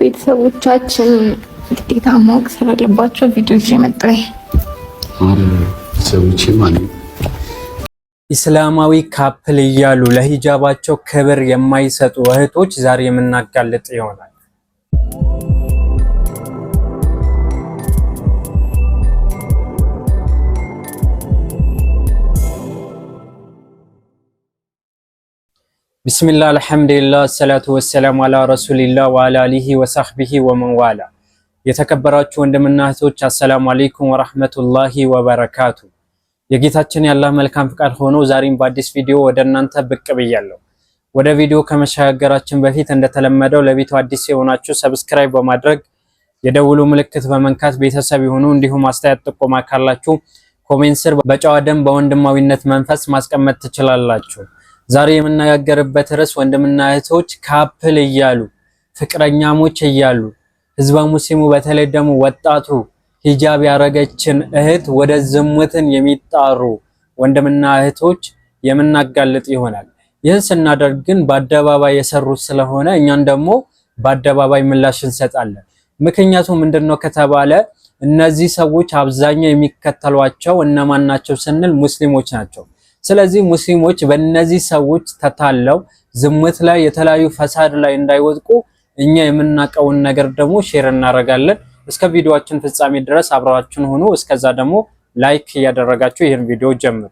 ቤተሰቦቻችን ግዴታ ማወቅ ስላለባቸው ቪዲዮ ይዤ ኢስላማዊ ካፕል እያሉ ለሂጃባቸው ክብር የማይሰጡ እህቶች ዛሬ የምናጋልጥ ይሆናል። ቢስሚላ አልሐምዱሊላ አሰላቱ ወሰላም አላ ረሱሊላ ወአላ አሊሂ ወሳህቢሂ ወመንዋላ። የተከበራችሁ ወንድምና እህቶች አሰላሙ አሌይኩም ወራህመቱላሂ ወበረካቱ። የጌታችን የአላህ መልካም ፍቃድ ሆኖ ዛሬም በአዲስ ቪዲዮ ወደ እናንተ ብቅ ብያለሁ። ወደ ቪዲዮ ከመሸጋገራችን በፊት እንደተለመደው ለቤቱ አዲስ የሆናችሁ ሰብስክራይብ በማድረግ የደውሉ ምልክት በመንካት ቤተሰብ የሆኑ እንዲሁም አስተያየት ጥቆማ ካላችሁ ኮሜንት ስር በጨዋ ደንብ በወንድማዊነት መንፈስ ማስቀመጥ ትችላላችሁ። ዛሬ የምነጋገርበት ርዕስ ወንድምና እህቶች ካፕል እያሉ ፍቅረኛሞች እያሉ ህዝበ ሙስሊሙ በተለይ ደግሞ ወጣቱ ሂጃብ ያረገችን እህት ወደ ዝሙትን የሚጣሩ ወንድምና እህቶች የምናጋልጥ ይሆናል። ይህን ስናደርግ ግን በአደባባይ የሰሩት ስለሆነ እኛም ደግሞ በአደባባይ ምላሽ እንሰጣለን። ምክንያቱ ምንድን ነው ከተባለ እነዚህ ሰዎች አብዛኛው የሚከተሏቸው እነማን ናቸው ስንል ሙስሊሞች ናቸው። ስለዚህ ሙስሊሞች በእነዚህ ሰዎች ተታለው ዝሙት ላይ የተለያዩ ፈሳድ ላይ እንዳይወድቁ እኛ የምናውቀውን ነገር ደግሞ ሼር እናደርጋለን። እስከ ቪዲዮአችን ፍጻሜ ድረስ አብራችን ሁኑ። እስከዛ ደግሞ ላይክ እያደረጋችሁ ይህን ቪዲዮ ጀምሩ።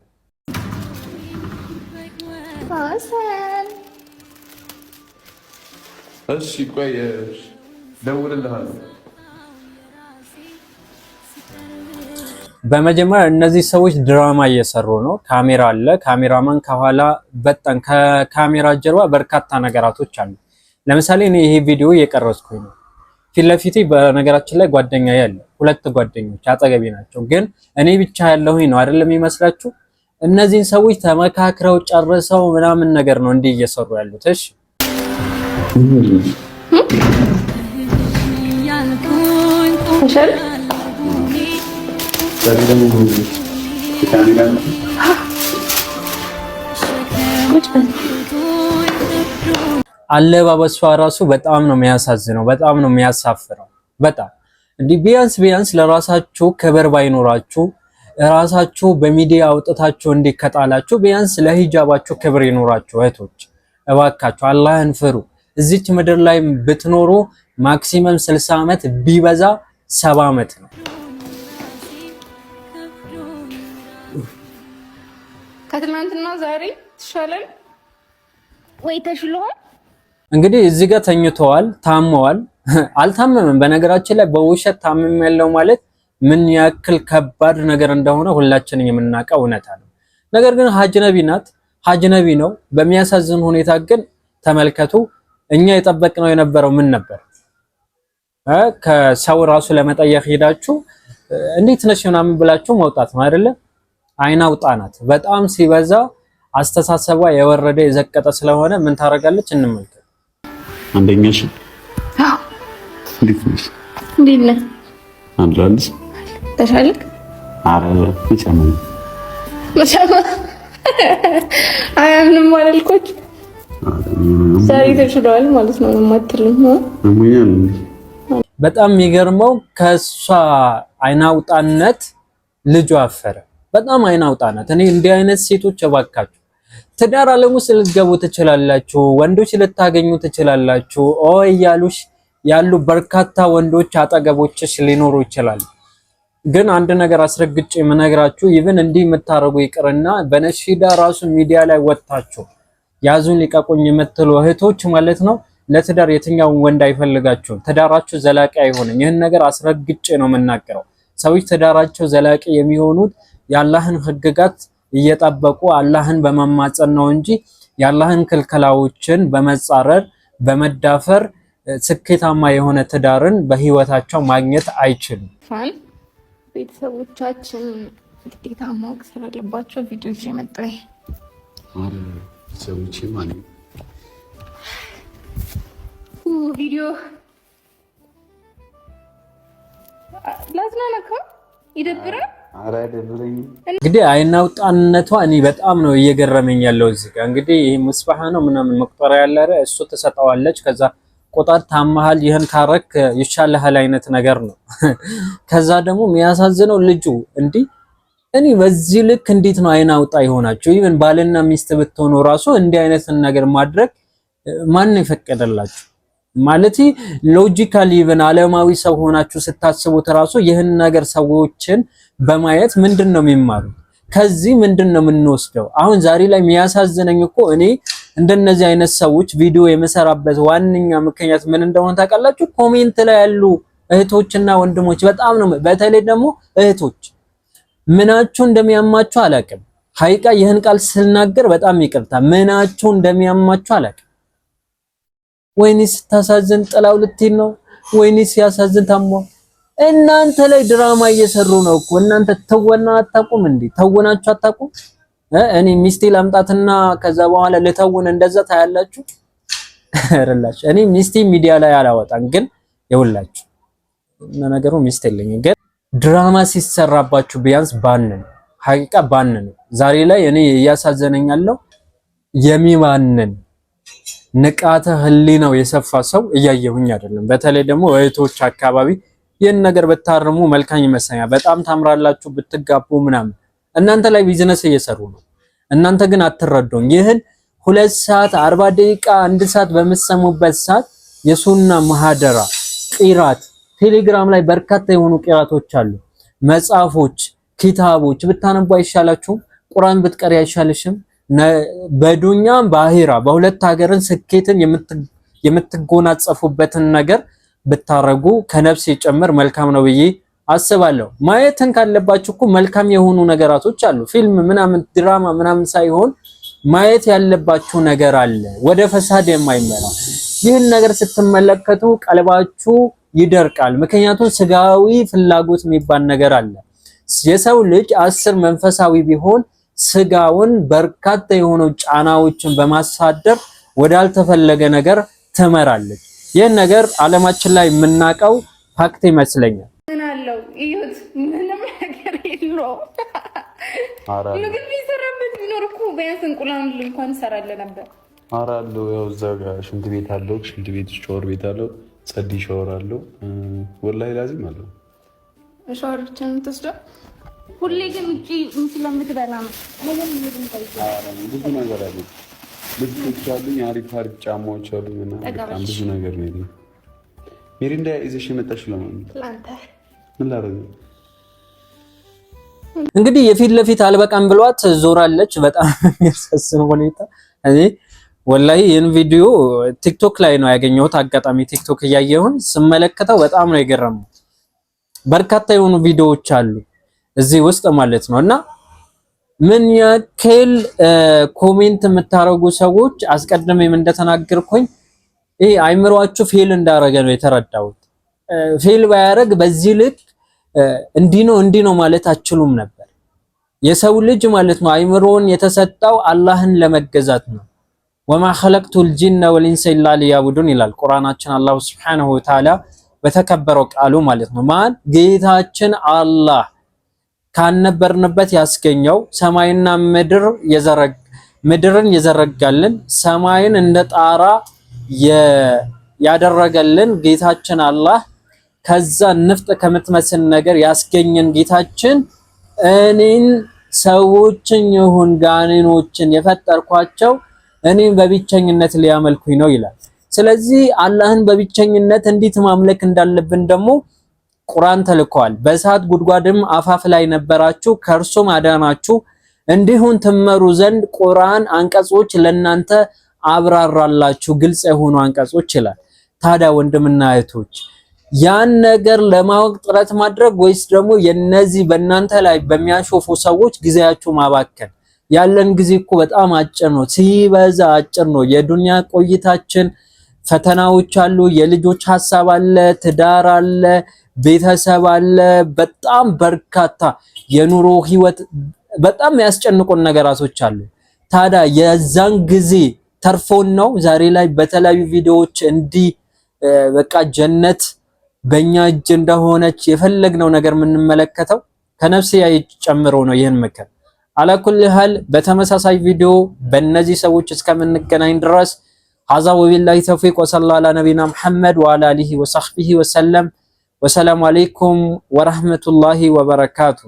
እሺ ቆይ ደውልልሃለሁ በመጀመሪያ እነዚህ ሰዎች ድራማ እየሰሩ ነው። ካሜራ አለ፣ ካሜራማን ከኋላ በጣም ከካሜራ ጀርባ በርካታ ነገራቶች አሉ። ለምሳሌ እኔ ይሄ ቪዲዮ እየቀረጽኩኝ ነው። ፊት ለፊቴ በነገራችን ላይ ጓደኛ ያለ ሁለት ጓደኞች አጠገቤ ናቸው፣ ግን እኔ ብቻ ያለሁኝ ነው አይደለም ይመስላችሁ? እነዚህን ሰዎች ተመካክረው ጨርሰው ምናምን ነገር ነው እንዲህ እየሰሩ ያሉት። እሺ ሸል አለባበሷ ራሱ በጣም ነው የሚያሳዝነው። በጣም ነው የሚያሳፍረው። በጣም እንዲህ ቢያንስ ቢያንስ ለራሳችሁ ክብር ባይኖራችሁ ራሳችሁ በሚዲያ አውጥታችሁ እንዲከጣላችሁ ቢያንስ ለሂጃባችሁ ክብር ይኖራችሁ። እህቶች እባካችሁ አላህን ፍሩ። እዚች ምድር ላይ ብትኖሩ ማክሲመም 60 ዓመት ቢበዛ ሰባ ዓመት ነው። ከትናንትና ዛሬ ትሻላል ወይ? ተሽሎሃል? እንግዲህ እዚህ ጋር ተኝተዋል፣ ታመዋል። አልታመምም። በነገራችን ላይ በውሸት ታመም ያለው ማለት ምን ያክል ከባድ ነገር እንደሆነ ሁላችንም የምናውቀው እውነታ ነው። ነገር ግን ሀጅነቢ ናት፣ ሀጅነቢ ነው። በሚያሳዝን ሁኔታ ግን ተመልከቱ፣ እኛ የጠበቅነው የነበረው ምን ነበር? ከሰው ራሱ ለመጠየቅ ሄዳችሁ እንዴት ነሽ ምናምን ብላችሁ መውጣት ነው አይደለም? አይናውጣ ናት። በጣም ሲበዛ አስተሳሰቧ የወረደ የዘቀጠ ስለሆነ ምን ታደርጋለች እንመልከት። አንደኛሽ እንዴት እንዴት ነህ? አረ አያምንም አላልኮች ዛሬ ማለት ነው። ማትልም በጣም የሚገርመው ከእሷ አይናውጣነት ልጁ አፈረ። በጣም አይን አውጣ ናት። እኔ እንዲህ አይነት ሴቶች እባካችሁ ትዳር ዓለም ውስጥ ልትገቡ ትችላላችሁ፣ ወንዶች ልታገኙ ትችላላችሁ ኦ እያሉሽ ያሉ በርካታ ወንዶች አጠገቦችሽ ሊኖሩ ይችላል። ግን አንድ ነገር አስረግጬ የምነግራችሁ ይብን እንዲህ የምታደርጉ ይቅርና በነሺዳ ራሱ ሚዲያ ላይ ወጥታችሁ ያዙን ሊቀቁኝ የምትሉ እህቶች ማለት ነው ለትዳር የትኛውን ወንድ አይፈልጋችሁም። ትዳራችሁ ዘላቂ አይሆንም። ይህን ነገር አስረግጬ ነው የምናገረው። ሰዎች ትዳራቸው ዘላቂ የሚሆኑት የአላህን ህግጋት እየጠበቁ አላህን በመማጸን ነው እንጂ የአላህን ክልከላዎችን በመጻረር በመዳፈር ስኬታማ የሆነ ትዳርን በህይወታቸው ማግኘት አይችልም። ቤተሰቦቻችን ግዴታ ማወቅ ስላለባቸው ቪዲዮ ይዤ መጣሁ። ቤተሰቦቼ ማለት ቪዲዮ ላዝናናካ ይደብራል እንግዲህ አይናውጣነቷ እኔ በጣም ነው እየገረመኝ ያለው። እዚህ ጋር እንግዲህ ነው ምናምን መቁጠሪያ ያለ እሱ ትሰጠዋለች። ከዛ ታመሃል፣ ይህን ካረክ ይቻልሃል አይነት ነገር ነው። ከዛ ደግሞ የሚያሳዝነው ልጁ እንዲህ እኔ በዚህ ልክ እንዴት ነው አይናውጣ የሆናቸው? ይህን ባልና ሚስት ብትሆኑ ራሱ እንዲህ ነገር ማድረግ ማን የፈቀደላችሁ? ማለት ሎጂካሊ ኢቨን አለማዊ ሰው ሆናችሁ ስታስቡት ራሱ ይህን ነገር ሰዎችን በማየት ምንድን ነው የሚማሩት? ከዚህ ምንድን ነው የምንወስደው? አሁን ዛሬ ላይ የሚያሳዝነኝ እኮ እኔ እንደነዚህ አይነት ሰዎች ቪዲዮ የምሰራበት ዋነኛ ምክንያት ምን እንደሆነ ታውቃላችሁ? ኮሜንት ላይ ያሉ እህቶችና ወንድሞች በጣም ነው። በተለይ ደግሞ እህቶች ምናችሁ እንደሚያማችሁ አላውቅም። ሀይቃ ይህን ቃል ስናገር በጣም ይቅርታ፣ ምናችሁ እንደሚያማችሁ አላውቅም። ወይንስ ስታሳዝን ጥላው ልትል ነው ወይንስ ያሳዝን ታሟ እናንተ ላይ ድራማ እየሰሩ ነው እኮ እናንተ ተወና አታቁም እንዴ ተወናችሁ አታቁም እኔ ሚስቴ ላምጣትና ከዛ በኋላ ልተውን እንደዛ ታያላችሁ አይደላችሁ እኔ ሚስቴ ሚዲያ ላይ አላወጣም ግን ይውላችሁ እና ነገሩ ሚስት የለኝም ግን ድራማ ሲሰራባችሁ ቢያንስ ባን ነው ሀቂቃ ባን ነው ዛሬ ላይ እኔ እያሳዘነኛለሁ የሚባንን ንቃተ ህሊናው የሰፋ ሰው እያየሁኝ አይደለም። በተለይ ደግሞ እህቶች አካባቢ ይህን ነገር ብታርሙ መልካም ይመስለኛል። በጣም ታምራላችሁ ብትጋቡ ምናምን። እናንተ ላይ ቢዝነስ እየሰሩ ነው፣ እናንተ ግን አትረዱም። ይህን ሁለት ሰዓት አርባ ደቂቃ አንድ ሰዓት በምትሰሙበት ሰዓት የሱና ማህደራ ቂራት ቴሌግራም ላይ በርካታ የሆኑ ቂራቶች አሉ። መጽሐፎች፣ ኪታቦች ብታነቡ አይሻላችሁም? ቁርአን ብትቀሪ አይሻልሽም? በዱኛም በአሂራ በሁለት ሀገርን ስኬትን የምትጎናጸፉበትን ነገር ብታረጉ ከነፍስ ጭምር መልካም ነው ብዬ አስባለሁ። ማየትን ካለባችሁ እኮ መልካም የሆኑ ነገራቶች አሉ። ፊልም ምናምን ድራማ ምናምን ሳይሆን ማየት ያለባችሁ ነገር አለ፣ ወደ ፈሳድ የማይመራ ይህን ነገር ስትመለከቱ ቀልባችሁ ይደርቃል። ምክንያቱም ስጋዊ ፍላጎት የሚባል ነገር አለ። የሰው ልጅ አስር መንፈሳዊ ቢሆን ስጋውን በርካታ የሆኑ ጫናዎችን በማሳደር ወዳልተፈለገ ነገር ትመራለች። ይህን ነገር ዓለማችን ላይ የምናውቀው ፋክት ይመስለኛል። እዩት፣ ምንም ነገር የለውም። ምግብ ሊሰራበት ቢኖር እኮ ቢያንስ እንኳን ነበር። አለው ያው እዛ ጋር ሽንት ቤት አለው፣ ሽንት ቤት ሻወር ቤት አለው፣ ጸዲ ሻወር አለው፣ ወላሂ ላዚም አለው። ሻወር ብቻ ነው የምትወስደው ሁሌ ግን ውጭ ስለምትበላ ነው። ብዙ ነገር አለ። ልብሶች አሉኝ፣ አሪፍ አሪፍ ጫማዎች አሉኝ። በጣም ብዙ ነገር ነው። ሚሪንዳ ይዘሽ የመጣሽ ለማን ምን ላደርግ? እንግዲህ የፊት ለፊት አልበቃም ብሏት ዞራለች። በጣም የሚያሳስን ሁኔታ እኔ ወላሂ ይህን ቪዲዮ ቲክቶክ ላይ ነው ያገኘሁት። አጋጣሚ ቲክቶክ እያየሁን ስመለከተው በጣም ነው የገረመው። በርካታ የሆኑ ቪዲዮዎች አሉ እዚህ ውስጥ ማለት ነው እና ምን ያክል ኮሜንት የምታደርጉ ሰዎች አስቀድሜም እንደተናገርኩኝ ይሄ አይምሯችሁ ፌል እንዳረገ ነው የተረዳሁት። ፌል ባያረግ በዚህ ልክ እንዲህ ነው እንዲህ ነው ማለት አችሉም ነበር። የሰው ልጅ ማለት ነው አይምሮን የተሰጠው አላህን ለመገዛት ነው። ወማ ኸለቅቱል ጂነ ወልኢንሰ ኢላ ሊያቡዱን ይላል ቁርአናችን አላሁ ሱብሓነሁ ወተዓላ በተከበረው ቃሉ ማለት ነው። ማን ጌታችን አላህ ካነበርንበት ያስገኘው ሰማይና ምድር የዘረግ ምድርን የዘረጋልን ሰማይን እንደ ጣራ ያደረገልን ጌታችን አላህ ከዛ ንፍጥ ከምትመስል ነገር ያስገኘን ጌታችን እኔን ሰዎችን ይሁን ጋኔኖችን የፈጠርኳቸው እኔን በብቸኝነት ሊያመልኩኝ ነው ይላል። ስለዚህ አላህን በብቸኝነት እንዴት ማምለክ እንዳለብን ደግሞ ቁርአን ተልከዋል። በእሳት ጉድጓድም አፋፍ ላይ ነበራችሁ ከእርሱም አዳናችሁ እንዲሁን ትመሩ ዘንድ ቁርአን አንቀጾች ለናንተ አብራራላችሁ ግልጽ የሆኑ አንቀጾች ይላል። ታዲያ ወንድምና እህቶች ያን ነገር ለማወቅ ጥረት ማድረግ ወይስ ደግሞ የነዚህ በእናንተ ላይ በሚያሾፉ ሰዎች ጊዜያችሁ ማባከን? ያለን ጊዜ እኮ በጣም አጭር ነው፣ ሲበዛ አጭር ነው። የዱንያ ቆይታችን ፈተናዎች አሉ፣ የልጆች ሀሳብ አለ፣ ትዳር አለ ቤተሰብ አለ። በጣም በርካታ የኑሮ ህይወት በጣም ያስጨንቁን ነገራቶች አሉ። ታዲያ የዛን ጊዜ ተርፎን ነው ዛሬ ላይ በተለያዩ ቪዲዮዎች እንዲህ በቃ ጀነት በእኛ እጅ እንደሆነች የፈለግነው ነገር የምንመለከተው ከነፍስያ ጨምሮ ነው። ይህን ምክር አላኩል ሃል በተመሳሳይ ቪዲዮ በእነዚህ ሰዎች እስከምንገናኝ ድረስ ሀዛ ወቢላሂ ተውፊቅ ወሰላ አላ ነቢና ሙሐመድ ወአላ አሊሂ ወሰህቢሂ ወሰለም። ወሰላሙ አለይኩም ወረህመቱላሂ ወበረካቱ።